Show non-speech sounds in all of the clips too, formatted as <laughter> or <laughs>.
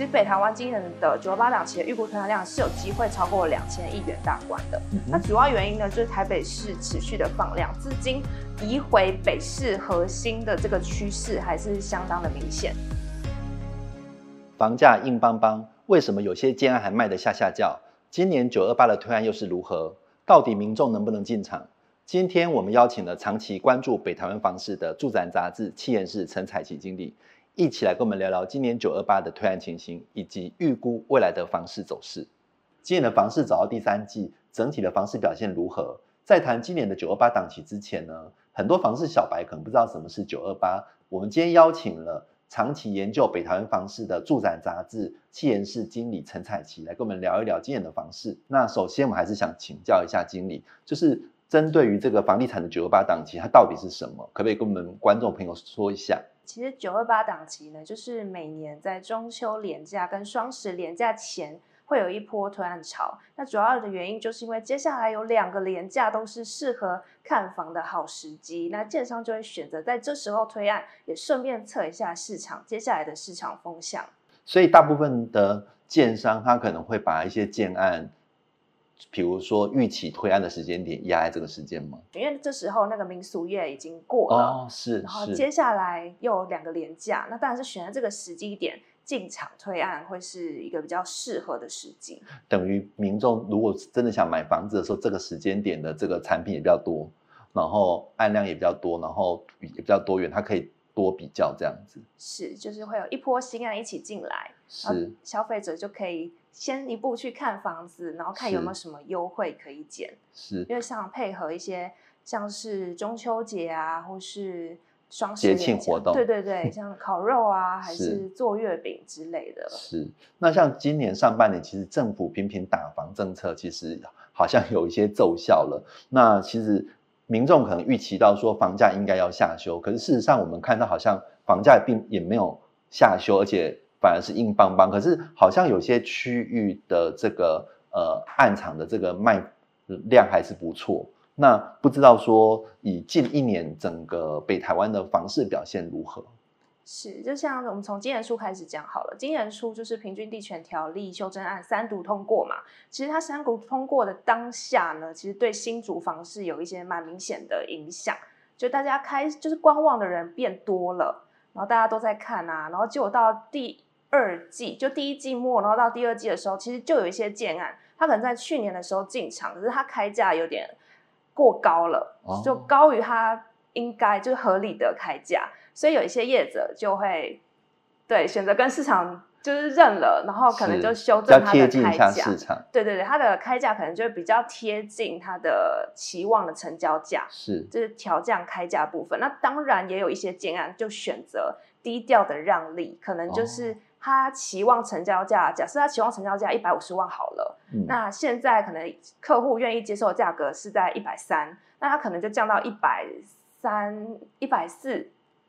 其實北台灣今年的九二八兩期的預估推案量是有機會超過兩千億元大關的，嗯、那主要原因呢就是台北市持續的放量，資金移回北市核心的這個趨勢還是相當的明顯。房價硬邦邦，為什麼有些建案還賣得嚇嚇叫？今年九二八的推案又是如何？到底民眾能不能進場？今天我們邀請了長期關注北台灣房市的《住展雜誌》企研室成采錡經理。一起來跟我們聊聊今年九二八的推案情形，以及預估未來的房市走勢。今年的房市走到第三季，整體的房市表現如何？在談今年的九二八檔期之前呢，很多房市小白可能不知道什麼是九二八。我們今天邀請了長期研究北台灣房市的住展雜誌企研室經理成采錡，來跟我們聊一聊今年的房市。那首先，我們還是想請教一下經理，就是針對於這個房地產的九二八檔期，它到底是什麼？可不可以跟我們觀眾朋友說一下？其實九二八檔期呢，就是每年在中秋連假跟雙十連假前會有一波推案潮。那主要的原因就是因為接下來有兩個連假都是適合看房的好時機，那建商就會選擇在這時候推案，也順便測一下市場接下來的市場風向。所以大部分的建商他可能會把一些建案，比如說預期推案的時間點壓在這個時間嗎？因為這時候那個民俗月已經過了，哦、是，然後接下來又有兩個連假，是那當然是選擇這個時機點進場推案會是一個比較適合的時機。等於民眾如果真的想買房子的時候，這個時間點的這個產品也比較多，然後案量也比較多，然後也比較多元，它可以多比較這樣子。是，就是會有一波新案一起進來，是，消費者就可以。先一步去看房子，然後看有沒有什麼優惠可以減，是，是因為像配合一些像是中秋節啊，或是雙十節慶活動，對對對，像烤肉啊， <laughs> 是還是做月餅之類的。是那像今年上半年，其實政府頻頻打房政策，其實好像有一些奏效了。那其實民眾可能預期到說房價應該要下修，可是事實上我們看到好像房價並也沒有下修，而且。反而是硬邦邦，可是好像有些區域的這個呃案場的這個賣量還是不錯。那不知道說以近一年整個北台灣的房市表現如何？是，就像我們從今年初開始講好了，今年初就是《平均地權條例修正案》三讀通過嘛。其實它三讀通過的當下呢，其實對新竹房市有一些蠻明顯的影響，就大家開就是觀望的人變多了，然後大家都在看啊，然後結果到第。二季就第一季末，然後到第二季的時候，其實就有一些建案，他可能在去年的時候進場，可是他開價有點過高了，哦、就高於他應該就是合理的開價，所以有一些業者就會對選擇跟市場就是認了，然後可能就修正他的開價，市場對對對，他的開價可能就會比較貼近他的期望的成交價，是，就是調降開價部分。那當然也有一些建案就選擇低調的讓利，可能就是、哦。他期望成交價，假設他期望成交價一百五十萬好了，嗯、那現在可能客戶願意接受的價格是在一百三，那他可能就降到一百三、一百四，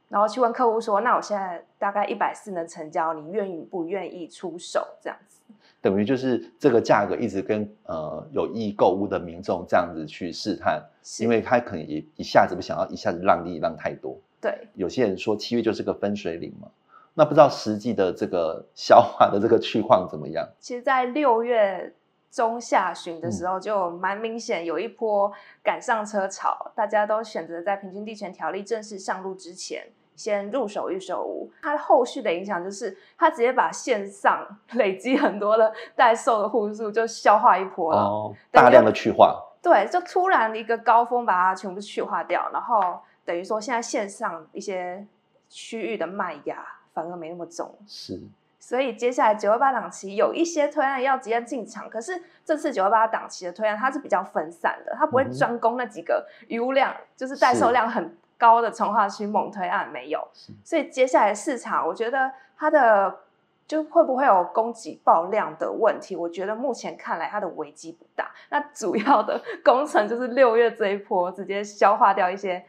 然後去問客戶說：“那我現在大概一百四能成交，你願意不願意出手？”這樣子，等於就是這個價格一直跟呃有意購物的民眾這樣子去試探，是因為他可能一一下子不想要一下子讓利讓太多，對，有些人說七月就是個分水嶺嘛。那不知道實際的這個消化的這個去況怎麼樣？其實，在六月中下旬的時候，就蠻明顯有一波趕上車潮，嗯、大家都選擇在平均地權條例正式上路之前先入手一入手屋。嗯、它後續的影響就是，它直接把線上累積很多的待售的戶數就消化一波了，哦、於大量的去化。對，就突然一個高峰把它全部去化掉，然後等於說現在線上一些區域的賣壓。反而沒那麼重。是，所以接下來九二八檔期有一些推案要直接進場，可是這次九二八檔期的推案，它是比較分散的，它不會專攻那幾個餘屋量、嗯、就是待售量很高的重劃區猛推案。是沒有，所以接下來市場我覺得它的就會不會有供給爆量的問題，我覺得目前看來它的危機不大，那主要的工程就是六月這一波直接消化掉一些，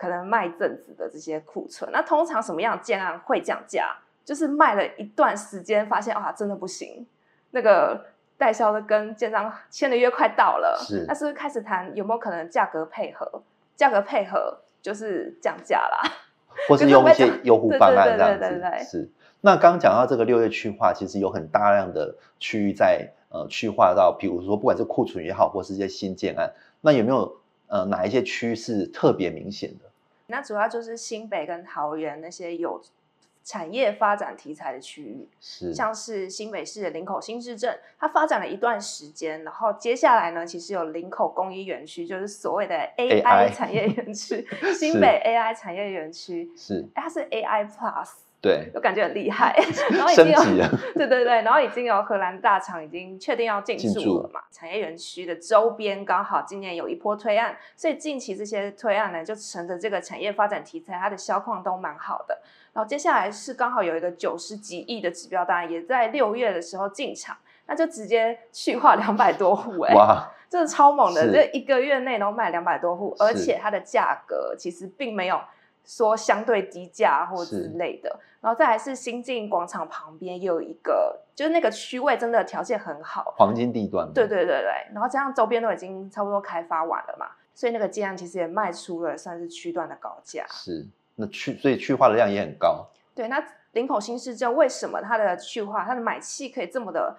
可能賣一陣子的這些庫存，那通常什麼樣的建案會降價？就是賣了一段時間，發現啊真的不行，那個代銷的跟建商簽的約快到了，是，那是不是開始談有沒有可能價格配合？價格配合就是降價啦，或是用一些優惠方案這樣。對，對，對，對，對，對。是，那剛講到這個六月去化，其實有很大量的區域在呃去化到，比如說不管是庫存也好，或是一些新建案，那有沒有呃哪一些區是特別明顯的？那主要就是新北跟桃園那些有產業發展題材的區域，是像是新北市的林口新市鎮，它發展了一段時間，然後接下來呢，其實有林口工業園區，就是所謂的 AI 產業園區，AI 新北 AI 產業園區，是、欸、它是 AI Plus。對，我感覺很厲害，然後已經有，對對對，然後已經有荷蘭大廠已經確定要進駐了嘛，了產業園區的周邊剛好今年有一波推案，所以近期這些推案呢，就乘着這個產業發展題材，它的銷況都蠻好的。然後接下來是剛好有一個九十幾億的指標單，當然也在六月的時候進場，那就直接去化兩百多戶，欸，哎，哇，這超猛的，這是一個月內能賣兩百多戶，而且它的價格其實並沒有。說相對低價或之類的，是然後再來是新晉廣場旁邊又有一個，就是那個區位真的條件很好，黃金地段。對對對對，然後加上周邊都已經差不多開發完了嘛，所以那個建案其實也賣出了算是區段的高價。是，那去所以去化的量也很高。對，那林口新市鎮為什麼它的去化它的買氣可以這麼的？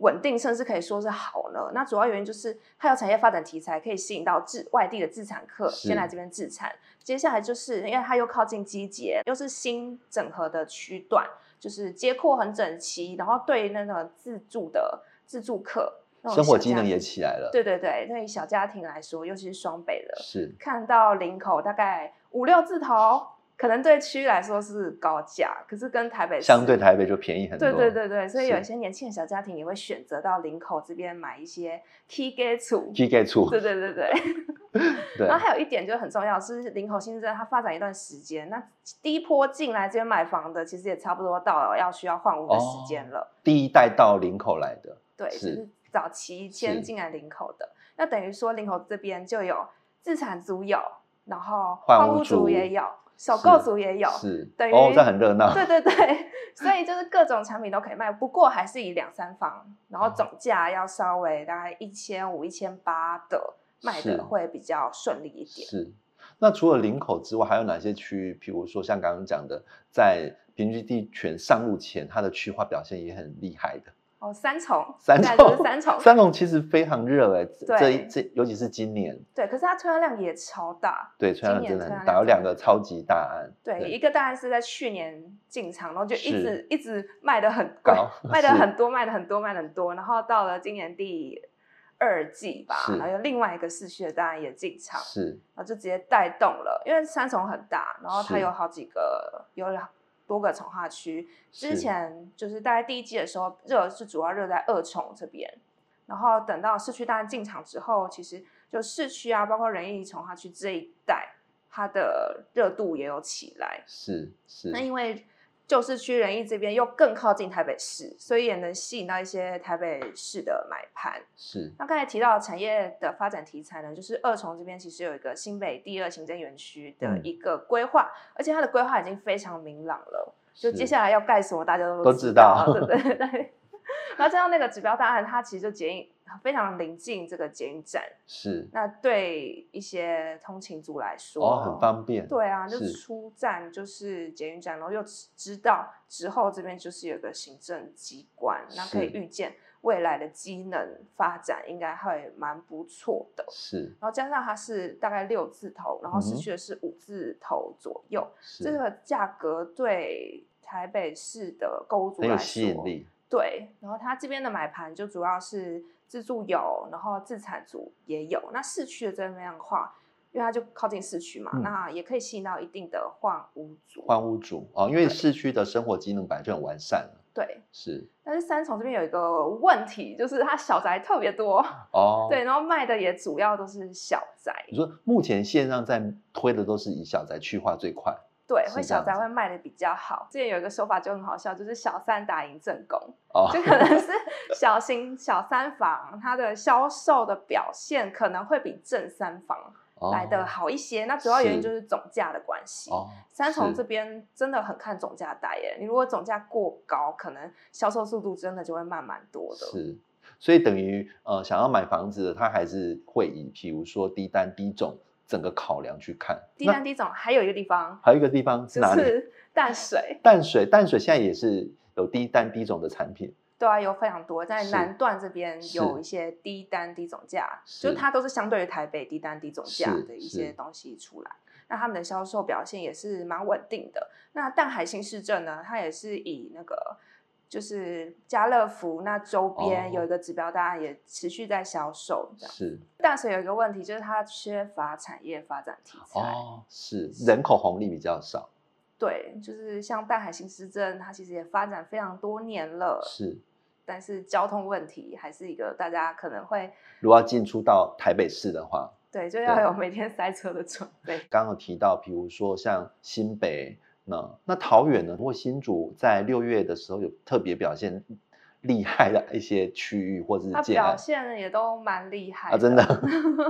穩定，甚至可以說是好了。那主要原因就是它有產業發展題材，可以吸引到自外地的自產客先來這邊自產。是接下來就是因為它又靠近機捷，又是新整合的區段，就是街廓很整齊，然後對那個自住的自住客，生活機能也起來了。對對對，對於小家庭來說尤其是雙北了。是，看到林口大概五六字頭。可能對區域來說是高價，可是跟台北相對台北就便宜很多。對對對對，是所以有一些年輕的小家庭也會選擇到林口這邊買一些起家厝。起家厝。對，對對對對。 <laughs> 對然後還有一點就很重要，是林口新生它發展一段時間，那第一波進來這邊買房的，其實也差不多到了要需要換屋的時間了。哦、第一代到林口來的，對，是，就是早期先進來林口的，是那等於說林口這邊就有自住族有，然後換屋族也有。首購族也有，是,是對於。哦，這很熱鬧。對對對，所以就是各種產品都可以賣，不過還是以兩三房，然後總價要稍微大概一千五、一千八的賣的會比較順利一點。是,是，那除了林口之外，還有哪些區域？譬如說像剛剛講的，在平均地權上路前，它的區劃表現也很厲害的。哦，三重，三重，三重，三重其實非常熱哎，這這尤其是今年，對，可是它成交量也超大，對，成交量真的很大，有兩個超級大案，對，一個大案是在去年進場，然後就一直一直賣的很高，賣的很多，賣的很多，賣的很多，然後到了今年第二季吧，然後另外一個市區的大案也進場，是，然後就直接帶動了，因為三重很大，然後它有好幾個，有兩。多個重劃區，之前就是大概第一季的時候，熱是主要熱在二重這邊，然後等到市區大家進場之後，其實就市區啊，包括仁義重劃區這一帶，它的熱度也有起來。是是，是那因為。舊市區仁義這邊又更靠近台北市，所以也能吸引到一些台北市的買盤。是，那剛才提到產業的發展題材呢，就是二重這邊其實有一個新北第二行政園區的一個規劃，嗯、而且它的規劃已經非常明朗了，是就接下來要蓋什麼大家都知都知道。對對對，那 <laughs> 這樣那個指標大案它其實就剪影。非常臨近這個捷運站，是，那對一些通勤族來說，哦，很方便。對啊，就出站就是捷運站，然後是又知道之後這邊就是有個行政機關，是那可以預見未來的機能發展應該會蠻不錯的。是，然後加上它是大概六字頭，然後市區的是五字頭左右，嗯嗯，這個價格對台北市的購屋族來說很有吸引力。對，然後它這邊的買盤就主要是自住有，然後自產族也有。那市區的這邊的話，因為它就靠近市區嘛，嗯，那也可以吸引到一定的換屋主。換屋主，哦，因為市區的生活機能本來就很完善了。對，對是。但是三重這邊有一個問題，就是它小宅特別多哦。對，然後賣的也主要都是小宅。你說目前線上在推的都是以小宅去化最快。對，會小宅會賣的比較好。之前有一個說法就很好笑，就是小三打贏正宮，哦、 <laughs> 就可能是小型小三房，它的銷售的表現可能會比正三房來的好一些。哦、那主要原因就是總價的關係。是三重這邊真的很看總價帶耶，哦、你如果總價過高，可能銷售速度真的就會慢蠻多的。是，所以等於呃，想要買房子的，他還是會以，譬如說低單低總。整個考量，去看低單那低總。還有一個地方，還有一個地方是哪裡？是淡水，淡水，淡水現在也是有低單低總的產品對。對啊，有非常多，在南段這邊有一些低單低總價，是就它都是相對於台北低單低總價的一些東西出來。那他們的銷售表現也是蠻穩定的。那淡海新市鎮呢，它也是以那個。就是家樂福那周邊有一個指標，大家也持續在銷售、哦、但是淡水有一個問題，就是它缺乏產業發展題材。哦，是人口紅利比較少。對，就是像淡海新市鎮，它其實也發展非常多年了。是，但是交通問題還是一個大家可能會。如果要進出到台北市的話，對，就要有每天塞車的準備。對剛剛有提到，比如說像新北。那那桃園呢？如果新竹在六月的時候有特別表現厲害的一些區域或，或者是它表現也都蠻厲害啊！真的，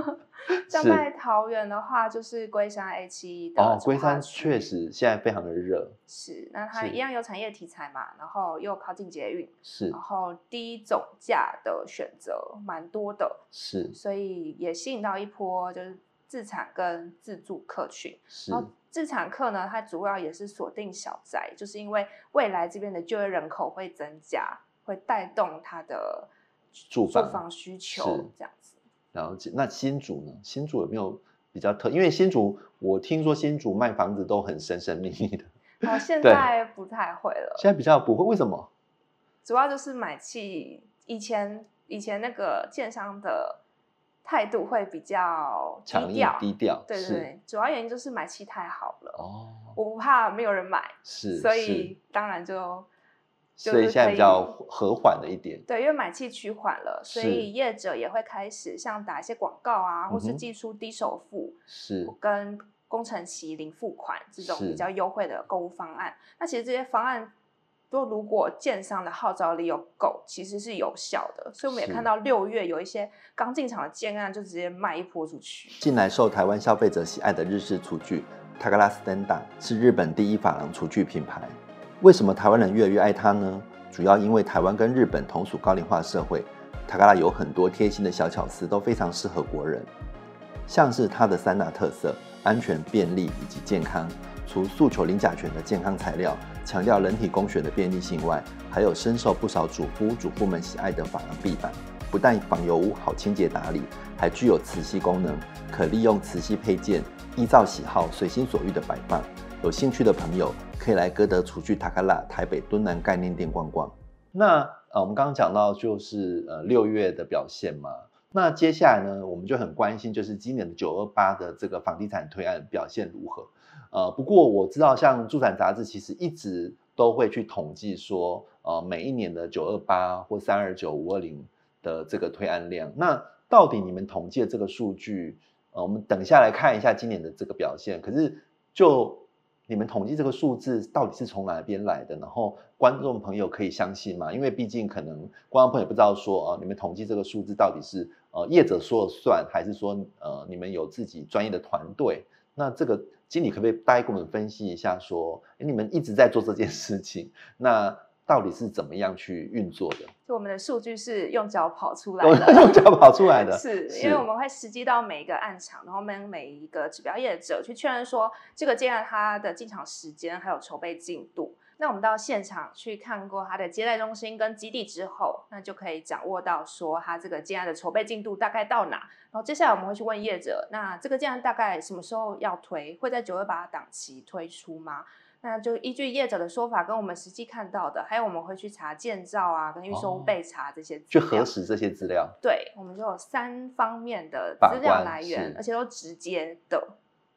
<laughs> 像在桃園的話，是就是龜山 A7 的重劃區的哦。龜山確實現在非常的熱，是。那它一樣有產業題材嘛，是然後又靠近捷運，是。然後低總價的選擇蠻多的，是。所以也吸引到一波就是自產跟自住客群，是。市場客呢，它主要也是鎖定小宅，就是因為未來這邊的就業人口會增加，會帶動它的住房需求房這樣子。然後那新竹呢？新竹有沒有比較特？因為新竹，我聽說新竹賣房子都很神神秘秘的。好、啊，現在不太會了。現在比較不會，為什麼？主要就是買氣，以前以前那個建商的。態度會比較低調，低調。對對對，主要原因就是買氣太好了。哦，我不怕沒有人買，是，所以當然就，所以現在比較和緩了一點。對，因為買氣趨緩了，所以業者也會開始像打一些廣告啊，或是祭出低首付，是跟工程期零付款這種比較優惠的購物方案。那其實這些方案。說如果建商的號召力有夠，其實是有效的。所以我們也看到六月有一些剛進場的建案就直接賣一波出去。近來受台灣消費者喜愛的日式廚具 Takara Standard 是日本第一琺瑯廚具品牌。為什麼台灣人越來越愛它呢？主要因為台灣跟日本同屬高齡化社會，Takara 有很多貼心的小巧思，都非常適合國人。像是它的三大特色：安全、便利以及健康，除訴求零甲醛的健康材料。強調人體工學的便利性外，還有深受不少主夫、主婦們喜愛的珐琅壁板，不但防油汙、好清潔打理，還具有磁吸功能，可利用磁吸配件，依照喜好隨心所欲的擺放。有興趣的朋友可以來歌德廚具塔卡拉台北敦南概念店逛逛。那呃、啊，我們剛剛講到就是呃六月的表現嘛，那接下來呢，我們就很關心就是今年的九二八的這個房地產推案表現如何。呃，不過我知道，像《住展雜誌》其實一直都會去統計說，呃，每一年的九二八或三二九五二零的這個推案量。那到底你們統計的這個數據，呃，我們等一下來看一下今年的這個表現。可是，就你們統計這個數字到底是從哪邊來的？然後觀眾朋友可以相信嗎？因為畢竟可能觀眾朋友不知道說，啊、呃，你們統計這個數字到底是呃業者說了算，還是說呃你們有自己專業的團隊？那這個。經理，可不可以大概跟我們分析一下說，說你們一直在做這件事情，那到底是怎麼樣去運作的？我們的數據是用腳跑出來的， <laughs> 用腳跑出來的，是，是因為我們會實際到每一個案場，然後我們每一個指標業者去確認說這個建案他的進場時間還有籌備進度。那我們到現場去看過他的接待中心跟基地之後，那就可以掌握到說他這個建案的籌備進度大概到哪。然後接下來我們會去問業者，那這個建案大概什麼時候要推？會在九月八檔期推出嗎？那就依據業者的說法跟我們實際看到的，還有我們會去查建造啊跟預售備查這些，去核實這些資料。資料對，我們就有三方面的資料來源，而且都直接的，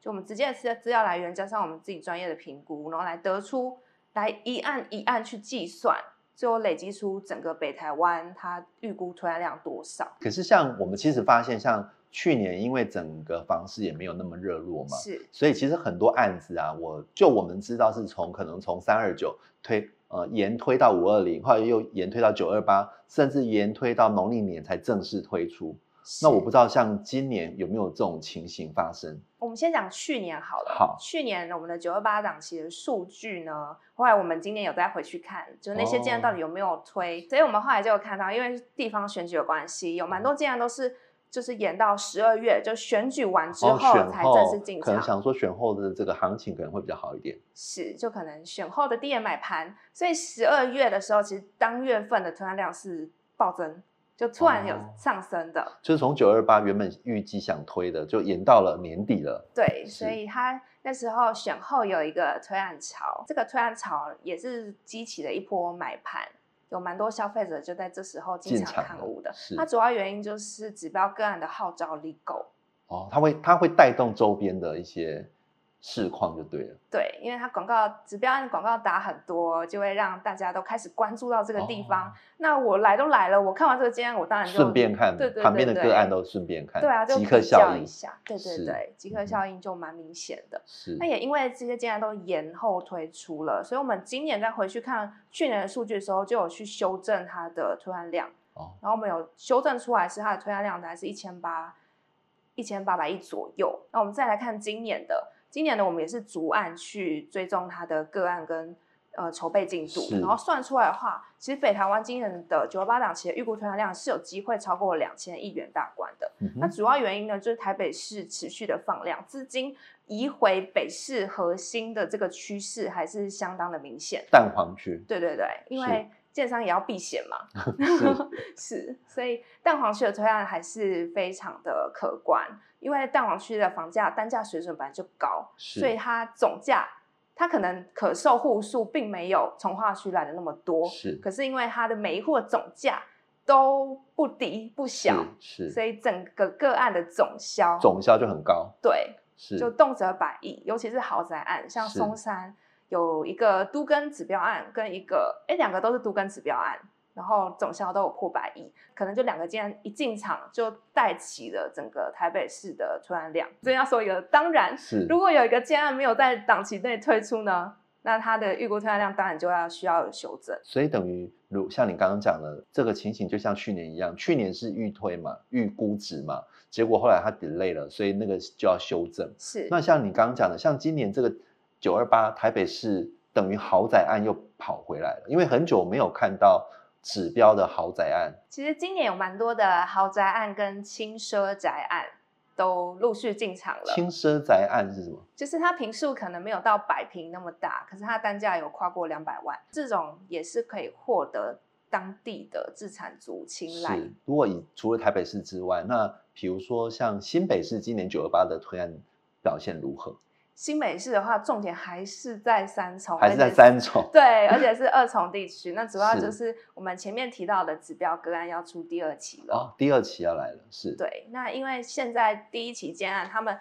就我們直接的資料來源加上我們自己專業的評估，然後來得出。來一案一案去計算，最後累積出整個北台灣它預估推案量多少。可是像我們其實發現，像去年因為整個房市也沒有那麼熱絡嘛，是，所以其實很多案子啊，我就我們知道是從可能從三二九推呃，延推到五二零，後來又延推到九二八，甚至延推到農曆年才正式推出。是那我不知道像今年有沒有這種情形發生。我們先講去年好了。好，去年我們的九二八檔期的數據呢，後來我們今年有再回去看，就那些建商到底有沒有推，哦、所以我們後來就有看到，因為地方選舉有關係，有蠻多建商都是就是延到十二月，就選舉完之後才正式進場，哦。可能想說，選後的這個行情可能會比較好一點。是，就可能選後的第一買盤，所以十二月的時候，其實當月份的推案量是暴增。就突然有上升的，哦、就是從九二八原本預計想推的，就延到了年底了。對，是所以他那時候選後有一個推案潮，這個推案潮也是激起了一波買盤，有蠻多消費者就在這時候經常物進場看屋的。它主要原因就是指標個案的號召力夠。哦，它會它會帶動周邊的一些。市況就對了，對，因為它廣告指標案的廣告打很多，就會讓大家都開始關注到這個地方。那我來都來了，我看完這個建案，我當然順便看旁邊的個案都順便看。對啊，集客效應一下，對對對，集客效應就蠻明顯的。是，那也因為這些建案都延後推出了，所以我們今年再回去看去年的數據的時候，就有去修正它的推案量哦。然後我們有修正出來是它的推案量還是一千八，一千八百億左右。那我們再來看今年的。今年呢，我們也是逐案去追蹤它的個案跟呃籌備進度，是然後算出來的話，其實北台灣今年的九二八檔期預估推案量是有機會超過兩千億元大關的。嗯、哼那主要原因呢，就是台北市持續的放量，資金移回北市核心的這個趨勢還是相當的明顯的。蛋黃區，對對對，因為。建商也要避險嘛， <laughs> 是，是，所以蛋黃區的推案還是非常的可觀，因為蛋黃區的房價單價水準本來就高，是，所以它總價，它可能可售戶數並沒有從化區來的那麼多，是，可是因為它的每一戶總價都不低不小，是，是所以整個個案的總銷總銷就很高，對，是，就動輒百億，尤其是豪宅案，像松山。有一個都更指標案跟一個，哎，兩個都是都更指標案，然後總銷都有破百億，可能就兩個建案一進場就帶起了整個台北市的出案量，所以要說一個，當然是如果有一個建案沒有在檔期內推出呢，那它的預估出案量當然就要需要有修正。所以等於如像你剛剛講的，這個情形就像去年一樣，去年是預推嘛，預估值嘛，結果後來它 delay 了，所以那個就要修正。是，那像你剛剛講的，像今年這個。九二八台北市等於豪宅案又跑回來了，因為很久沒有看到指標的豪宅案。其實今年有蠻多的豪宅案跟輕奢宅案都陸續進場了。輕奢宅案是什麼？就是它坪數可能沒有到百坪那麼大，可是它的單價有跨過兩百萬，這種也是可以獲得當地的資產族青睞。是，如果以除了台北市之外，那譬如說像新北市今年九二八的推案表現如何？新美式的話，重點還是在三重，還是在三重，對，而且是二重地區。 <laughs> 那主要就是我們前面提到的指標個案要出第二期了。哦，第二期要來了，是對。那因為現在第一期個案，他們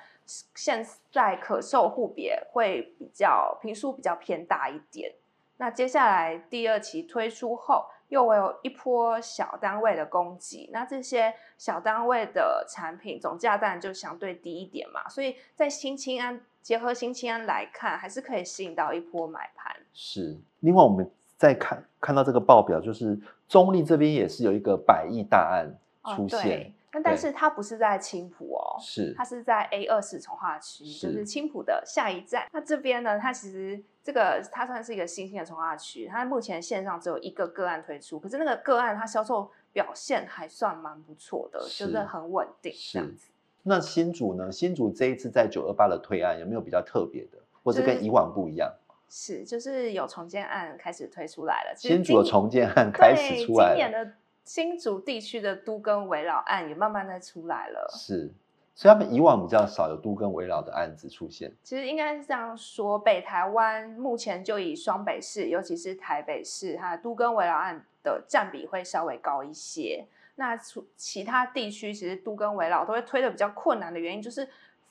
現在可售戶別會比較，坪數比較偏大一點。那接下來第二期推出後，又會有一波小單位的供給。那這些小單位的產品總價當然就相對低一點嘛。所以在新青安。結合新青安來看，還是可以吸引到一波買盤。是，另外我們再看看到這個報表，就是中壢這邊也是有一個百億大案出現。啊、對。對，但是它不是在青埔哦，是它是在 A 二市重劃區，是就是青埔的下一站。那這邊呢，它其實這個它算是一個新興的重劃區，它目前線上只有一個個案推出，可是那個個案它銷售表現還算蠻不錯的，是就是很穩定是這樣子。那新竹呢？新竹這一次在九二八的推案有沒有比較特別的，或者跟以往不一樣，就是？是，就是有重建案開始推出來了。新竹的重建案開始出來了。今年的新竹地區的都更危老案也慢慢的出來了。是，所以他們以往比較少有都更危老的案子出現。嗯、其實應該是這樣說，北台灣目前就以雙北市，尤其是台北市哈，它的都更危老案的佔比會稍微高一些。那除其他地區，其實都更危老都會推的比較困難的原因，就是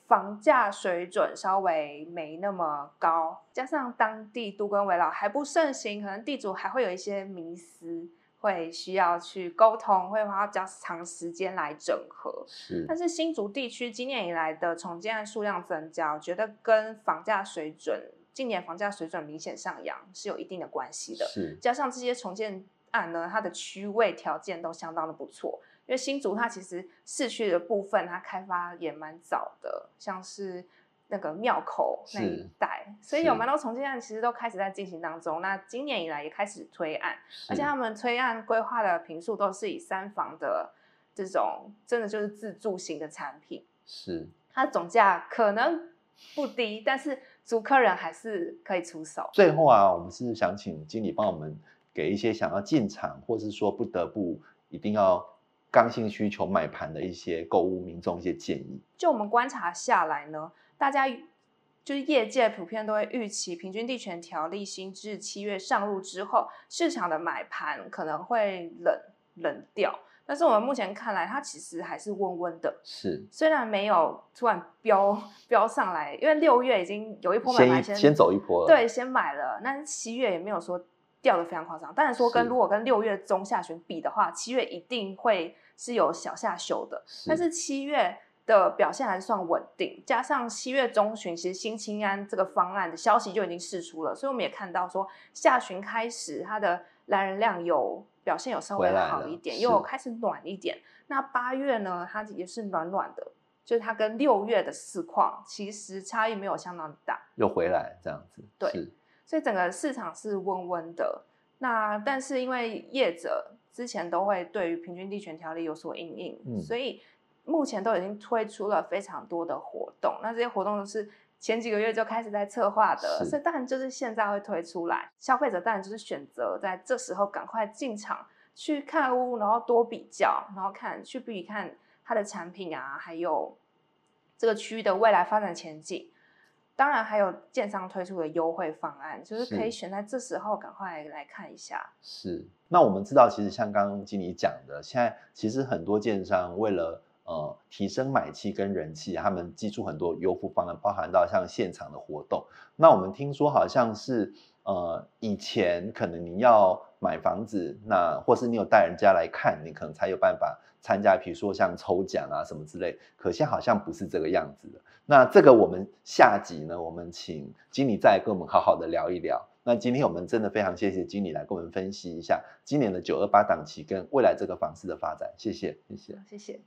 房價水準稍微沒那麼高，加上當地都更危老還不盛行，可能地主還會有一些迷思，會需要去溝通，會花比較長時間來整合。是。但是新竹地區今年以來的重建數量增加，我覺得跟房價水準近年房價水準明顯上揚是有一定的關係的。是，加上這些重建。案呢，它的區位條件都相當的不錯，因為新竹它其實市區的部分，它開發也蠻早的，像是那個廟口那一帶，是所以有蠻多重建案其實都開始在進行當中。是那今年以來也開始推案，是而且他們推案規劃的坪數都是以三房的這種，真的就是自住型的產品。是，它的總價可能不低，但是租客人還是可以出手。最後啊，我們是想請經理幫我們。給一些想要進場，或是說不得不一定要剛性需求買盤的一些購物民眾一些建議。就我們觀察下來呢，大家就是業界普遍都會預期，平均地權條例新制七月上路之後，市場的買盤可能會冷冷掉。但是我們目前看來，它其實還是溫溫的，是雖然沒有突然飆飆上來，因為六月已經有一波買盤先先走一波了。對，先買了，但七月也沒有說。掉的非常誇張，但是說跟是如果跟六月中下旬比的話，七月一定會是有小下修的，是但是七月的表現還是算穩定。加上七月中旬，其實新青安這個方案的消息就已經釋出了，所以我們也看到說下旬開始它的來人量有表現有稍微好一點，又開始暖一點。那八月呢，它也是暖暖的，就是它跟六月的市況其實差異沒有相當大，又回來這樣子，對。所以整個市場是溫溫的，那但是因為業者之前都會對於平均地權條例有所因應，嗯、所以目前都已經推出了非常多的活動。那這些活動都是前幾個月就開始在策劃的，是所以當然就是現在會推出來。消費者當然就是選擇在這時候趕快進場去看屋，然後多比較，然後看去比看它的產品啊，還有這個區域的未來發展前景。當然，還有建商推出的優惠方案，就是可以選在這時候趕快來看一下。是，那我們知道，其實像剛剛經理講的，現在其實很多建商為了呃提升買氣跟人氣，他們祭出很多優惠方案，包含到像現場的活動。那我們聽說好像是呃以前可能你要。買房子，那或是你有帶人家來看，你可能才有辦法參加，比如說像抽獎啊什麼之類。可惜好像不是這個樣子的。那這個我們下集呢，我們請經理再跟我們好好的聊一聊。那今天我們真的非常謝謝經理來跟我們分析一下今年的九二八檔期跟未來這個房市的發展。謝謝，謝謝，謝謝。